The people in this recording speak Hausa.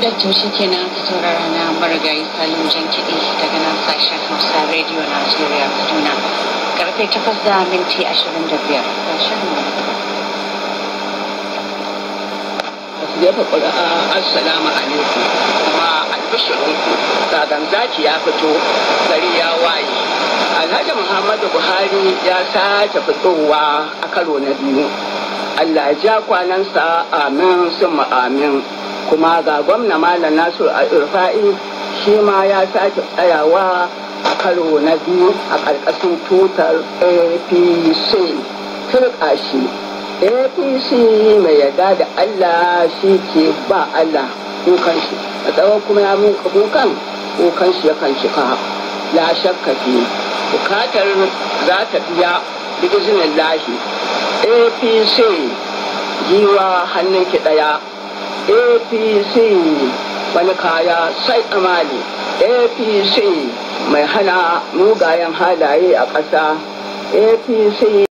dakto shi kenan ta saurara na marigayi salim jan kiɗi daga nan sashen hausa radio nigeria kaduna karfe takwas da minti ashirin da biyar sashen assalamu alaikum kuma albishirinku sagan zaki ya fito gari ya waye alhaji muhammadu buhari ya sake fitowa a karo na biyu allah ja kwanansa amin sun amin kuma ga gwamna malam nasu a irfa'i shi ma ya sake tsayawa a karo na biyu a ƙarƙashin tutar apc tun apc mai yarda da allah shi ke ba allah kukan shi a tsawon kuma ya muka kukan kukan shi yakan cika la shakka fi bukatar za ta biya bigizinin lahi apc giwa hannun ki ɗaya apc wani kaya sai amali apc mai hana mugayen halaye a ƙasa apc